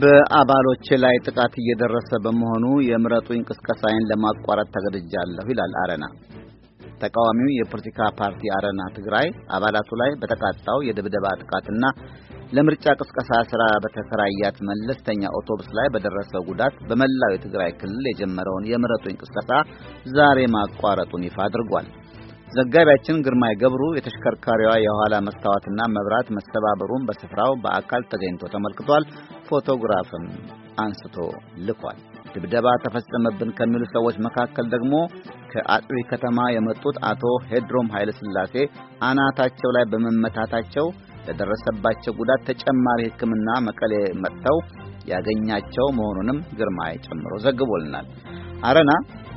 በአባሎች ላይ ጥቃት እየደረሰ በመሆኑ የምረጡኝ ቅስቀሳዬን ለማቋረጥ ተገድጃለሁ ይላል አረና። ተቃዋሚው የፖለቲካ ፓርቲ አረና ትግራይ አባላቱ ላይ በተቃጣው የድብደባ ጥቃትና ለምርጫ ቅስቀሳ ስራ በተከራያት መለስተኛ አውቶቡስ ላይ በደረሰው ጉዳት በመላው የትግራይ ክልል የጀመረውን የምረጡኝ ቅስቀሳ ዛሬ ማቋረጡን ይፋ አድርጓል። ዘጋቢያችን ግርማይ ገብሩ የተሽከርካሪዋ የኋላ መስታወትና መብራት መሰባበሩን በስፍራው በአካል ተገኝቶ ተመልክቷል። ፎቶግራፍም አንስቶ ልኳል። ድብደባ ተፈጸመብን ከሚሉ ሰዎች መካከል ደግሞ ከአጥቢ ከተማ የመጡት አቶ ሄድሮም ኃይለሥላሴ አናታቸው ላይ በመመታታቸው ለደረሰባቸው ጉዳት ተጨማሪ ሕክምና መቀሌ መጥተው ያገኛቸው መሆኑንም ግርማይ ጨምሮ ዘግቦልናል። አረና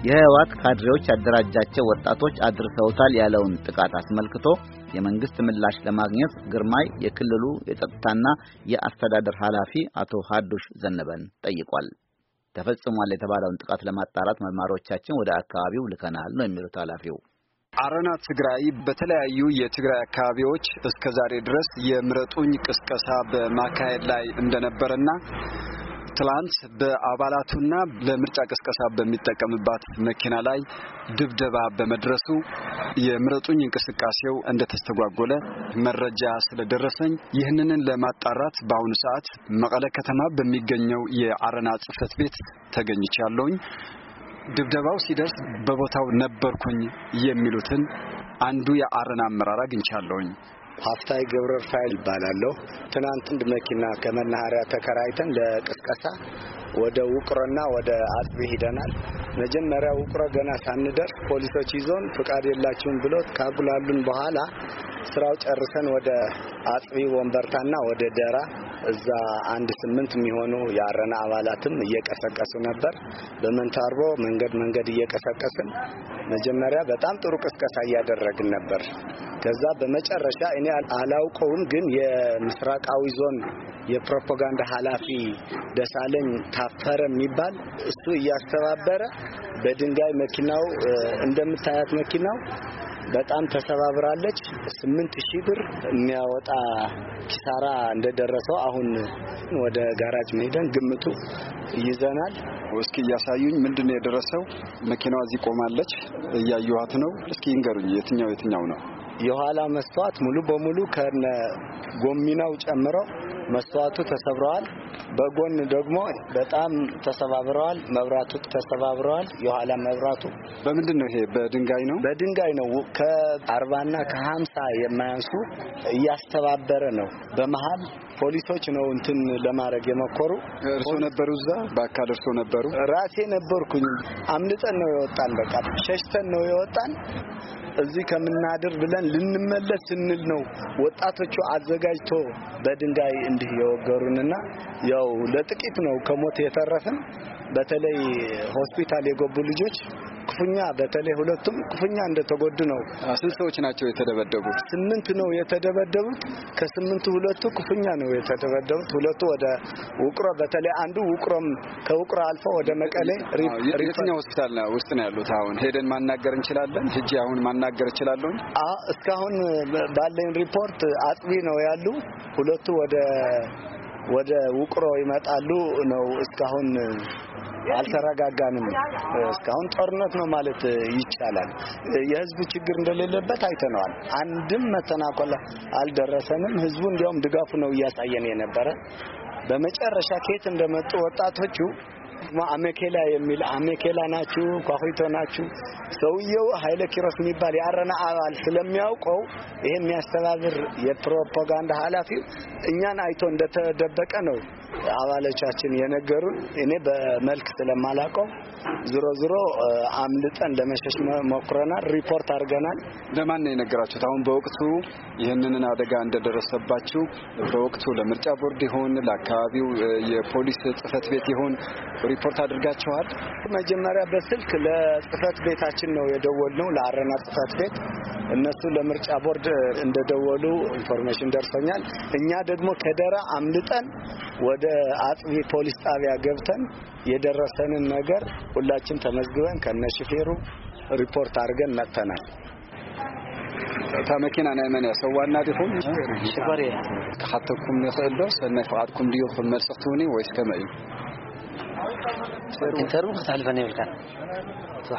የህወሓት ካድሬዎች ያደራጃቸው ወጣቶች አድርሰውታል ያለውን ጥቃት አስመልክቶ የመንግስት ምላሽ ለማግኘት ግርማይ የክልሉ የጸጥታና የአስተዳደር ኃላፊ አቶ ሀዱሽ ዘነበን ጠይቋል። ተፈጽሟል የተባለውን ጥቃት ለማጣራት መርማሪዎቻችን ወደ አካባቢው ልከናል ነው የሚሉት ኃላፊው። አረና ትግራይ በተለያዩ የትግራይ አካባቢዎች እስከ ዛሬ ድረስ የምረጡኝ ቅስቀሳ በማካሄድ ላይ እንደነበረና ትላንት በአባላቱና ለምርጫ ቅስቀሳ በሚጠቀምባት መኪና ላይ ድብደባ በመድረሱ የምረጡኝ እንቅስቃሴው እንደተስተጓጎለ መረጃ ስለደረሰኝ ይህንንን ለማጣራት በአሁኑ ሰዓት መቀለ ከተማ በሚገኘው የአረና ጽህፈት ቤት ተገኝቻለሁኝ። ድብደባው ሲደርስ በቦታው ነበርኩኝ የሚሉትን አንዱ የአረና አመራር አግኝቻለሁኝ። ሀፍታይ ገብረ ፋይል ይባላለሁ። ትናንት አንድ መኪና ከመናኸሪያ ተከራይተን ለቅስቀሳ ወደ ውቅሮና ወደ አጥቢ ሂደናል። መጀመሪያ ውቅሮ ገና ሳንደርስ ፖሊሶች ይዞን ፍቃድ የላችሁም ብሎት ካጉላሉን በኋላ ስራው ጨርሰን ወደ አጥቢ ወንበርታና ወደ ደራ እዛ አንድ ስምንት የሚሆኑ የአረና አባላትም እየቀሰቀሱ ነበር። በመንታርቦ መንገድ መንገድ እየቀሰቀስን መጀመሪያ በጣም ጥሩ ቅስቀሳ እያደረግን ነበር። ከዛ በመጨረሻ እኔ አላውቀውም፣ ግን የምስራቃዊ ዞን የፕሮፓጋንዳ ኃላፊ ደሳለኝ ታፈረ የሚባል እሱ እያስተባበረ በድንጋይ መኪናው እንደምታያት መኪናው በጣም ተሰባብራለች። ስምንት ሺህ ብር የሚያወጣ ኪሳራ እንደደረሰው አሁን ወደ ጋራጅ መሄደን ግምቱ ይዘናል። እስኪ እያሳዩኝ ምንድን ነው የደረሰው? መኪናዋ እዚህ ቆማለች፣ እያየኋት ነው። እስኪ ይንገሩኝ የትኛው የትኛው ነው? የኋላ መስተዋት ሙሉ በሙሉ ከነ ጎሚናው ጨምረው መስተዋቱ ተሰብረዋል። በጎን ደግሞ በጣም ተሰባብረዋል። መብራቱ ተሰባብረዋል። የኋላ መብራቱ በምንድን ነው? ይሄ በድንጋይ ነው፣ በድንጋይ ነው። ከአርባና ከሀምሳ የማያንሱ እያስተባበረ ነው። በመሀል ፖሊሶች ነው እንትን ለማድረግ የመኮሩ። እርሶ ነበሩ እዛ? በአካል እርሶ ነበሩ? ራሴ ነበርኩኝ። አምልጠን ነው የወጣን። በቃ ሸሽተን ነው የወጣን። እዚህ ከምናድር ብለን ልንመለስ ስንል ነው ወጣቶቹ አዘጋጅቶ በድንጋይ እንዲህ የወገሩንና ያው ለጥቂት ነው ከሞት የተረፍን። በተለይ ሆስፒታል የገቡ ልጆች ክፉኛ በተለይ ሁለቱም ክፉኛ እንደተጎዱ ነው። ስንት ሰዎች ናቸው የተደበደቡት? ስምንት ነው የተደበደቡት። ከስምንቱ ሁለቱ ክፉኛ ነው የተደበደቡት። ሁለቱ ወደ ውቅሮ በተለይ አንዱ ውቅሮም ከውቅሮ አልፎ ወደ መቀሌ የትኛው ሆስፒታል ውስጥ ነው ያሉት? አሁን ሄደን ማናገር እንችላለን? ህጂ አሁን ማናገር እችላለሁ? እስካሁን ባለኝ ሪፖርት አጥቢ ነው ያሉ ሁለቱ ወደ ወደ ውቅሮ ይመጣሉ ነው እስካሁን አልተረጋጋንም። እስካሁን ጦርነት ነው ማለት ይቻላል። የህዝብ ችግር እንደሌለበት አይተነዋል። አንድም መተናኮል አልደረሰንም። ህዝቡ እንዲያውም ድጋፉ ነው እያሳየን የነበረ። በመጨረሻ ከየት እንደመጡ ወጣቶቹ አሜኬላ የሚል አሜኬላ ናችሁ፣ ኳኩቶ ናችሁ። ሰውየው ኃይለ ኪሮስ የሚባል የአረና አባል ስለሚያውቀው ይሄ የሚያስተባብር የፕሮፓጋንዳ ኃላፊው እኛን አይቶ እንደተደበቀ ነው አባሎቻችን የነገሩን እኔ በመልክ ስለማላውቀው ዝሮ ዝሮ አምልጠን ለመሸሽ ሞክረናል። ሪፖርት አድርገናል። ለማን ነው የነገራችሁት? አሁን በወቅቱ ይህንን አደጋ እንደደረሰባችሁ በወቅቱ ለምርጫ ቦርድ ይሆን ለአካባቢው የፖሊስ ጽህፈት ቤት ይሆን ሪፖርት አድርጋችኋል? መጀመሪያ በስልክ ለጽህፈት ቤታችን ነው የደወልነው፣ ለአረና ጽህፈት ቤት እነሱ ለምርጫ ቦርድ እንደደወሉ ኢንፎርሜሽን ደርሶኛል። እኛ ደግሞ ከደራ አምልጠን ወደ ወደ አጥቢ ፖሊስ ጣቢያ ገብተን የደረሰንን ነገር ሁላችን ተመዝግበን ከነሽፌሩ ሪፖርት አድርገን መጥተናል። መኪና ናይ መን እያ ሰዋና ዲኹም ሽፈር እያ ክሓተኩም ንኽእል ዶ ሰናይ ፍቓድኩም ድዩ ክመልሲ ክትውኒ ወይስ ከመይ እዩ ኢንተርቪው ክትሕልፈን የብልካን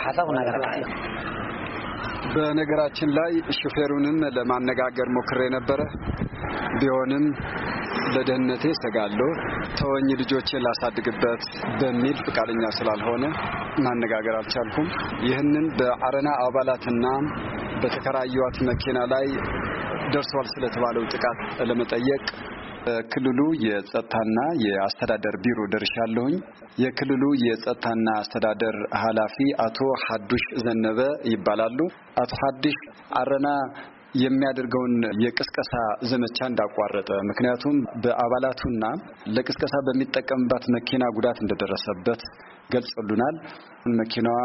ሓሳብ ነገራት እዩ በነገራችን ላይ ሹፌሩንም ለማነጋገር ሞክሬ ነበረ ቢሆንም ለደህንነቴ ሰጋለሁ፣ ተወኝ፣ ልጆቼ ላሳድግበት በሚል ፈቃደኛ ስላልሆነ ማነጋገር አልቻልኩም። ይህንን በአረና አባላትና በተከራየዋት መኪና ላይ ደርሷል ስለተባለው ጥቃት ለመጠየቅ በክልሉ የጸጥታና የአስተዳደር ቢሮ ደርሻለሁኝ። የክልሉ የጸጥታና አስተዳደር ኃላፊ አቶ ሀዱሽ ዘነበ ይባላሉ። አቶ ሀዱሽ አረና የሚያደርገውን የቅስቀሳ ዘመቻ እንዳቋረጠ፣ ምክንያቱም በአባላቱና ለቅስቀሳ በሚጠቀምባት መኪና ጉዳት እንደደረሰበት ገልጸሉናል። መኪናዋ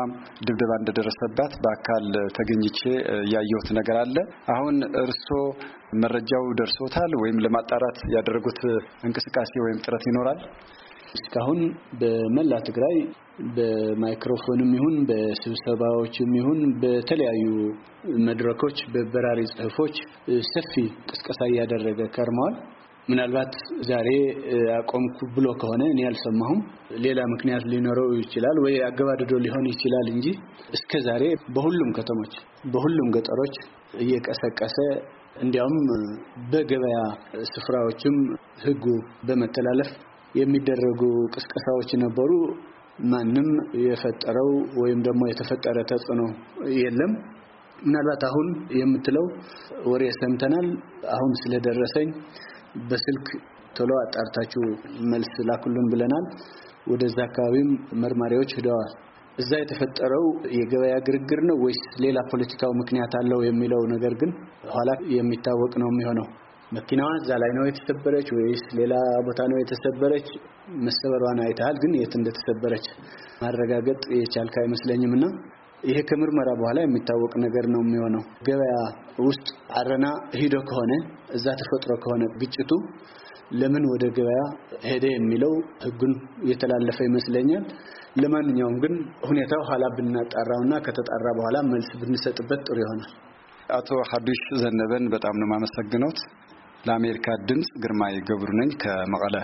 ድብደባ እንደደረሰባት በአካል ተገኝቼ ያየሁት ነገር አለ። አሁን እርስዎ መረጃው ደርሶታል ወይም ለማጣራት ያደረጉት እንቅስቃሴ ወይም ጥረት ይኖራል? እስካሁን በመላ ትግራይ በማይክሮፎንም ይሁን በስብሰባዎችም ይሁን በተለያዩ መድረኮች በበራሪ ጽሑፎች ሰፊ ቅስቀሳ እያደረገ ከርመዋል። ምናልባት ዛሬ አቆምኩ ብሎ ከሆነ እኔ አልሰማሁም። ሌላ ምክንያት ሊኖረው ይችላል ወይ አገባድዶ ሊሆን ይችላል እንጂ እስከ ዛሬ በሁሉም ከተሞች፣ በሁሉም ገጠሮች እየቀሰቀሰ እንዲያውም በገበያ ስፍራዎችም ሕጉ በመተላለፍ የሚደረጉ ቅስቀሳዎች ነበሩ። ማንም የፈጠረው ወይም ደግሞ የተፈጠረ ተጽዕኖ የለም። ምናልባት አሁን የምትለው ወሬ ሰምተናል፣ አሁን ስለደረሰኝ በስልክ ቶሎ አጣርታችሁ መልስ ላኩልን ብለናል። ወደዛ አካባቢም መርማሪዎች ሂደዋል። እዛ የተፈጠረው የገበያ ግርግር ነው ወይስ ሌላ ፖለቲካው ምክንያት አለው የሚለው ነገር ግን ኋላ የሚታወቅ ነው የሚሆነው። መኪናዋ እዛ ላይ ነው የተሰበረች ወይስ ሌላ ቦታ ነው የተሰበረች? መሰበሯን አይተሃል፣ ግን የት እንደተሰበረች ማረጋገጥ የቻልክ አይመስለኝም እና ይሄ ከምርመራ በኋላ የሚታወቅ ነገር ነው የሚሆነው። ገበያ ውስጥ አረና ሂዶ ከሆነ እዛ ተፈጥሮ ከሆነ ግጭቱ ለምን ወደ ገበያ ሄደ የሚለው ህጉን የተላለፈ ይመስለኛል። ለማንኛውም ግን ሁኔታው ኋላ ብናጣራውና ከተጣራ በኋላ መልስ ብንሰጥበት ጥሩ ይሆናል። አቶ ሀዱሽ ዘነበን በጣም ነው የማመሰግነው። ለአሜሪካ ድምፅ ግርማይ ገብሩ ነኝ ከመቀለ።